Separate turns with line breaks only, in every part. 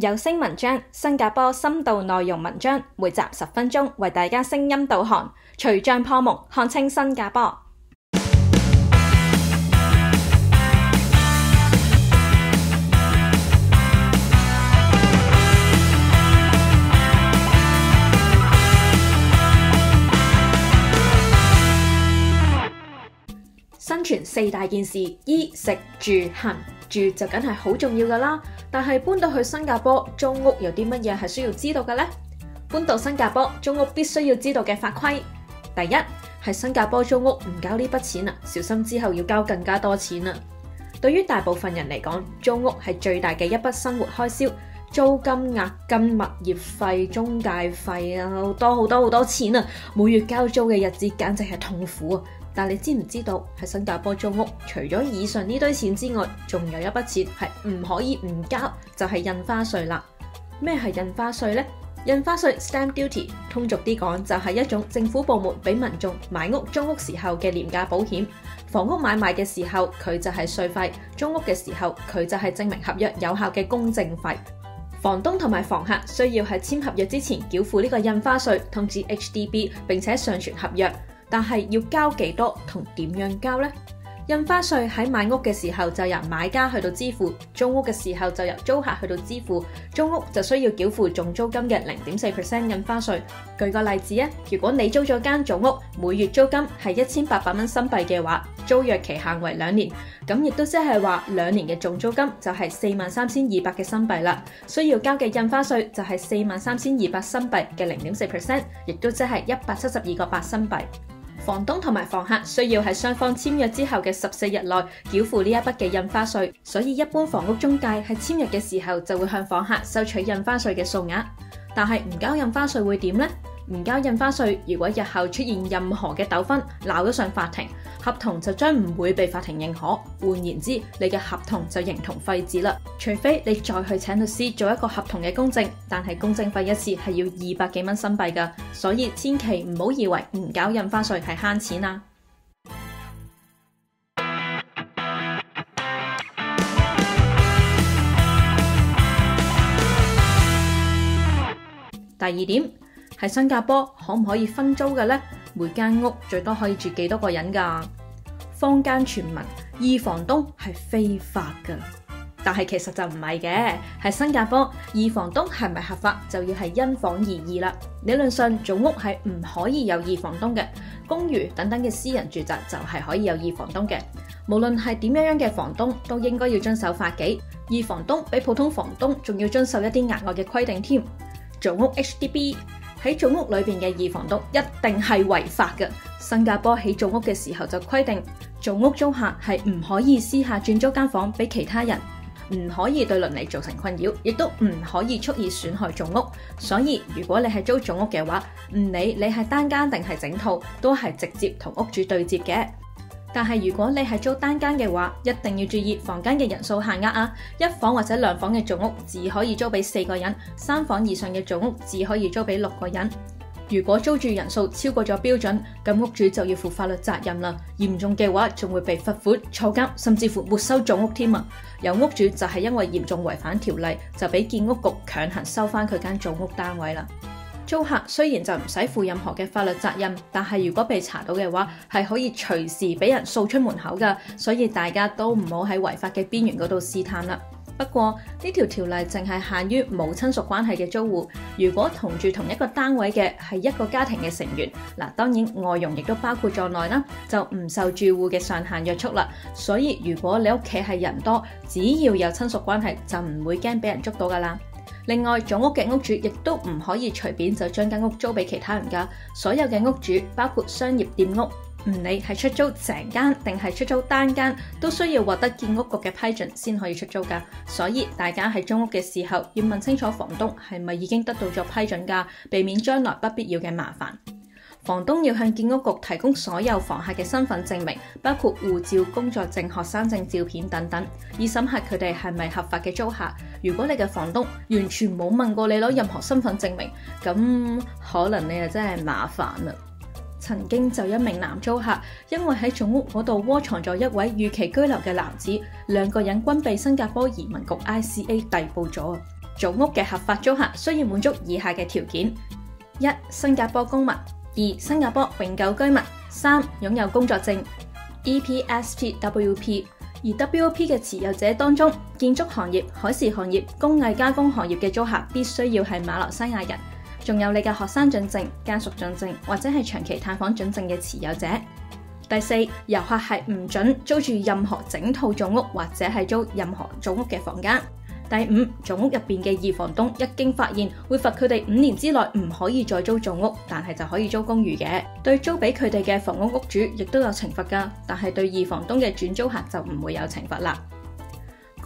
有聲文章，新加坡深度內容文章，每集十分鐘，為大家聲音導航，除障破夢，看清新加坡。生存四大件事：衣、食、住、行。住就梗係好重要噶啦，但係搬到去新加坡租屋有啲乜嘢係需要知道嘅呢？搬到新加坡租屋必須要知道嘅法規，第一係新加坡租屋唔交呢筆錢啊，小心之後要交更加多錢啊！對於大部分人嚟講，租屋係最大嘅一筆生活開銷，租金、押金、物業費、中介費啊，好多好多好多錢啊！每月交租嘅日子簡直係痛苦啊！但你知唔知道喺新加坡租屋，除咗以上呢堆錢之外，仲有一筆錢，係唔可以唔交，就係印花稅啦。咩係印花稅咧？印花稅 （Stamp Duty），通俗啲講，就係一種政府部門俾民眾買屋租屋時候嘅廉價保險。房屋買賣嘅時候佢就係稅費，租屋嘅時候佢就係證明合約有效嘅公證費。房東同埋房客需要喺簽合約之前繳付呢個印花稅，通知 HDB 並且上傳合約。但係要交幾多同點樣交呢？印花稅喺買屋嘅時候就由買家去到支付，租屋嘅時候就由租客去到支付。租屋就需要繳付總租金嘅零點四 percent 印花稅。舉個例子啊，如果你租咗間組屋，每月租金係一千八百蚊新幣嘅話，租約期限為兩年，咁亦都即係話兩年嘅總租金就係四萬三千二百嘅新幣啦。需要交嘅印花稅就係四萬三千二百新幣嘅零點四 percent，亦都即係一百七十二個八新幣。房東同埋房客需要喺雙方簽約之後嘅十四日內繳付呢一筆嘅印花稅，所以一般房屋中介喺簽約嘅時候就會向房客收取印花稅嘅數額。但係唔交印花稅會點呢？唔交印花稅，如果日後出現任何嘅糾紛，鬧咗上法庭。合同就將唔會被法庭認可，換言之，你嘅合同就形同廢紙啦。除非你再去請律師做一個合同嘅公證，但係公證費一次係要二百幾蚊新幣噶，所以千祈唔好以為唔搞印花稅係慳錢啦，啊。第二點喺新加坡可唔可以分租嘅呢？每間屋最多可以住幾多個人噶？坊間傳聞二房東係非法噶，但係其實就唔係嘅。喺新加坡，二房東係咪合法就要係因房而異啦。理論上，組屋係唔可以有二房東嘅，公寓等等嘅私人住宅就係可以有二房東嘅。無論係點樣樣嘅房東，都應該要遵守法紀。二房東比普通房東仲要遵守一啲額外嘅規定添。組屋 HDB。喺組屋裏邊嘅二房東一定係違法嘅。新加坡起組屋嘅時候就規定，組屋租客係唔可以私下轉租間房俾其他人，唔可以對鄰里造成困擾，亦都唔可以蓄意損害組屋。所以如果你係租組屋嘅話，唔理你係單間定係整套，都係直接同屋主對接嘅。但係如果你係租單間嘅話，一定要注意房間嘅人數限額啊！一房或者兩房嘅組屋只可以租俾四個人，三房以上嘅組屋只可以租俾六個人。如果租住人數超過咗標準，咁屋主就要負法律責任啦。嚴重嘅話仲會被罰款、坐監，甚至乎沒收組屋添啊！有屋主就係因為嚴重違反條例，就俾建屋局強行收翻佢間組屋單位啦。租客雖然就唔使負任何嘅法律責任，但係如果被查到嘅話，係可以隨時俾人掃出門口噶。所以大家都唔好喺違法嘅邊緣嗰度試探啦。不過呢條條例淨係限於冇親屬關係嘅租戶，如果同住同一個單位嘅係一個家庭嘅成員，嗱，當然外佣亦都包括在內啦，就唔受住戶嘅上限約束啦。所以如果你屋企係人多，只要有親屬關係，就唔會驚俾人捉到噶啦。另外，組屋嘅屋主亦都唔可以隨便就將間屋租俾其他人㗎。所有嘅屋主，包括商業店屋，唔理係出租整間定係出租單間，都需要獲得建屋局嘅批准先可以出租㗎。所以大家喺租屋嘅時候，要問清楚房東係咪已經得到咗批准㗎，避免將來不必要嘅麻煩。房東要向建屋局提供所有房客嘅身份證明，包括護照、工作證、學生證、照片等等，以審核佢哋係咪合法嘅租客。如果你嘅房東完全冇問過你攞任何身份證明，咁可能你又真係麻煩啦。曾經就一名男租客，因為喺組屋嗰度窩藏咗一位逾期居留嘅男子，兩個人均被新加坡移民局 I C A 逮捕咗。組屋嘅合法租客需要滿足以下嘅條件：一、新加坡公民。二、新加坡永久居民；三、擁有工作證 （E P S P W P）；而 W P 嘅持有者當中，建築行業、海事行業、工藝加工行業嘅租客必須要係馬來西亞人。仲有你嘅學生准證、家屬准證或者係長期探訪准證嘅持有者。第四，遊客係唔准租住任何整套租屋或者係租任何租屋嘅房間。第五，組屋入面嘅二房東一經發現，會罰佢哋五年之內唔可以再租組屋，但係就可以租公寓嘅。對租俾佢哋嘅房屋屋主，亦都有懲罰㗎，但係對二房東嘅轉租客就唔會有懲罰喇。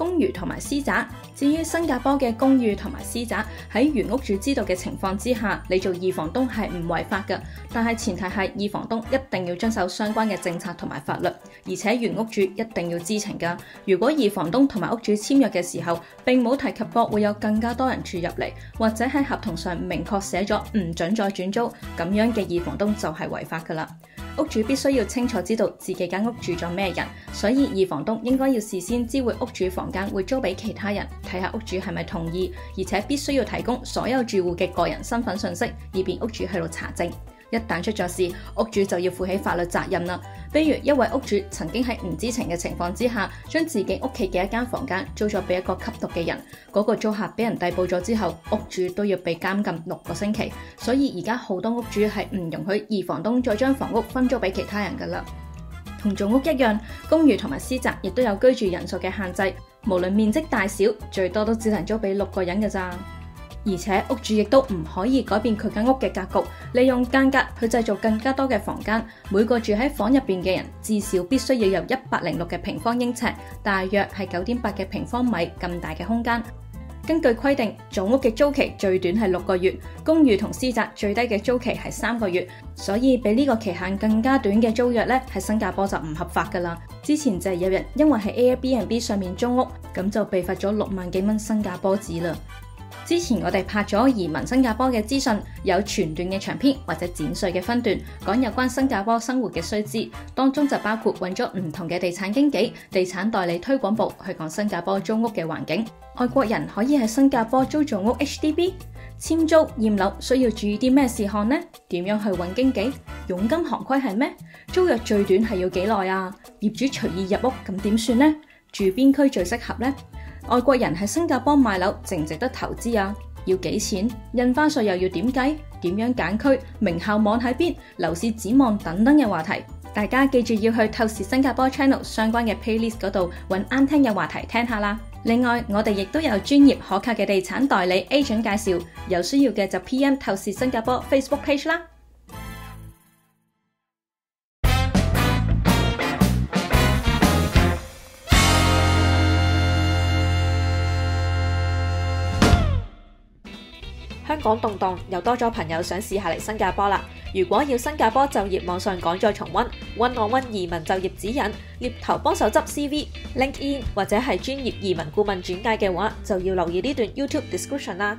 公寓同埋私宅，至於新加坡嘅公寓同埋私宅，喺原屋主知道嘅情況之下，你做二房東係唔違法噶，但係前提係二房東一定要遵守相關嘅政策同埋法律，而且原屋主一定要知情噶。如果二房東同埋屋主簽約嘅時候，并冇提及過會有更加多人住入嚟，或者喺合同上明確寫咗唔准再轉租，咁樣嘅二房東就係違法噶啦。屋主必須要清楚知道自己間屋住咗咩人，所以二房東應該要事先知會屋主房。間會租俾其他人睇下屋主係咪同意，而且必須要提供所有住戶嘅個人身份信息，以便屋主喺度查證。一旦出咗事，屋主就要負起法律責任啦。比如一位屋主曾經喺唔知情嘅情況之下，將自己屋企嘅一間房間租咗俾一個吸毒嘅人，嗰個租客俾人逮捕咗之後，屋主都要被監禁六個星期。所以而家好多屋主係唔容許二房東再將房屋分租俾其他人噶啦。同住屋一樣，公寓同埋私宅亦都有居住人數嘅限制。無論面積大小，最多都只能租俾六個人嘅咋。而且屋主亦都唔可以改變佢間屋嘅格局，利用間隔去製造更加多嘅房間。每個住喺房入面嘅人，至少必須要有一百零六嘅平方英尺，大約係九點八嘅平方米，咁大嘅空間。根據規定，組屋嘅租期最短係六個月，公寓同私宅最低嘅租期係三個月，所以比呢個期限更加短嘅租約咧，喺新加坡就唔合法㗎喇。之前就係有人因為喺 Airbnb 上面租屋，咁就被罰咗六萬幾蚊新加坡紙啦。之前我哋拍咗移民新加坡嘅資訊，有全段嘅長篇或者剪碎嘅分段，講有關新加坡生活嘅須知，當中就包括揾咗唔同嘅地產經紀、地產代理推廣部去講新加坡租屋嘅環境。外國人可以喺新加坡租住屋 HDB 簽租驗樓需要注意啲咩事項呢？點樣去揾經紀？佣金行規係咩？租約最短係要幾耐啊？業主隨意入屋咁點算呢？住邊區最適合呢？外國人喺新加坡買樓值唔值得投資啊？要幾錢？印花稅又要點計？點樣揀區？名校網喺邊？樓市展望等等嘅話題。大家記住要去透視新加坡 channel 相關嘅 playlist 嗰度揾啱聽嘅話題聽下啦。另外，我哋亦都有專業可靠嘅地產代理 agent 介紹，有需要嘅就 PM 透視新加坡 Facebook page 啦。香港動動，又多咗朋友想試下嚟新加坡啦。如果要新加坡就業網上趕再重溫，溫我溫移民就業指引，獵頭幫手執 CV、LinkedIn 或者係專業移民顧問轉介嘅話，就要留意呢段 YouTube description 啦。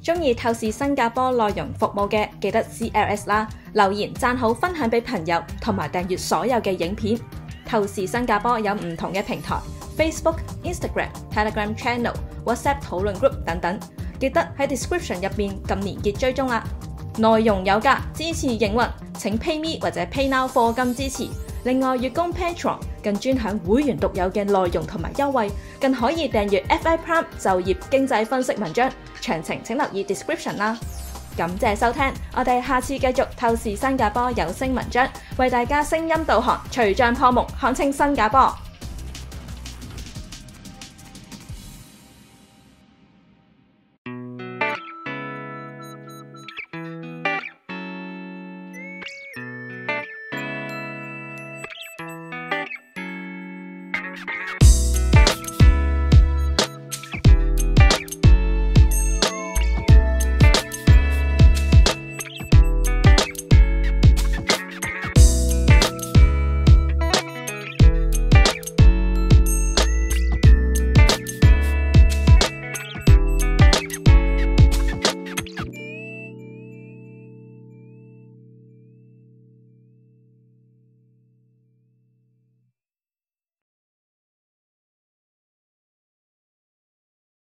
中意透視新加坡內容服務嘅，記得 CLS 啦，留言讚好、分享俾朋友同埋訂閱所有嘅影片。透視新加坡有唔同嘅平台，Facebook、Instagram、Telegram Channel、WhatsApp 討論 group 等等。記得喺 description 入邊撳連結追蹤啦。啊，內容有價，支持營運，請 Payme 或者 Paynow 課金支持。另外，月供 Patreon 更專享會員獨有嘅內容同埋優惠，更可以訂閱 FI Prime 就業經濟分析文章，詳情請留意 description 啦。感謝收聽，我哋下次繼續透視新加坡有聲文章，為大家聲音導航，除障破目，看清新加坡。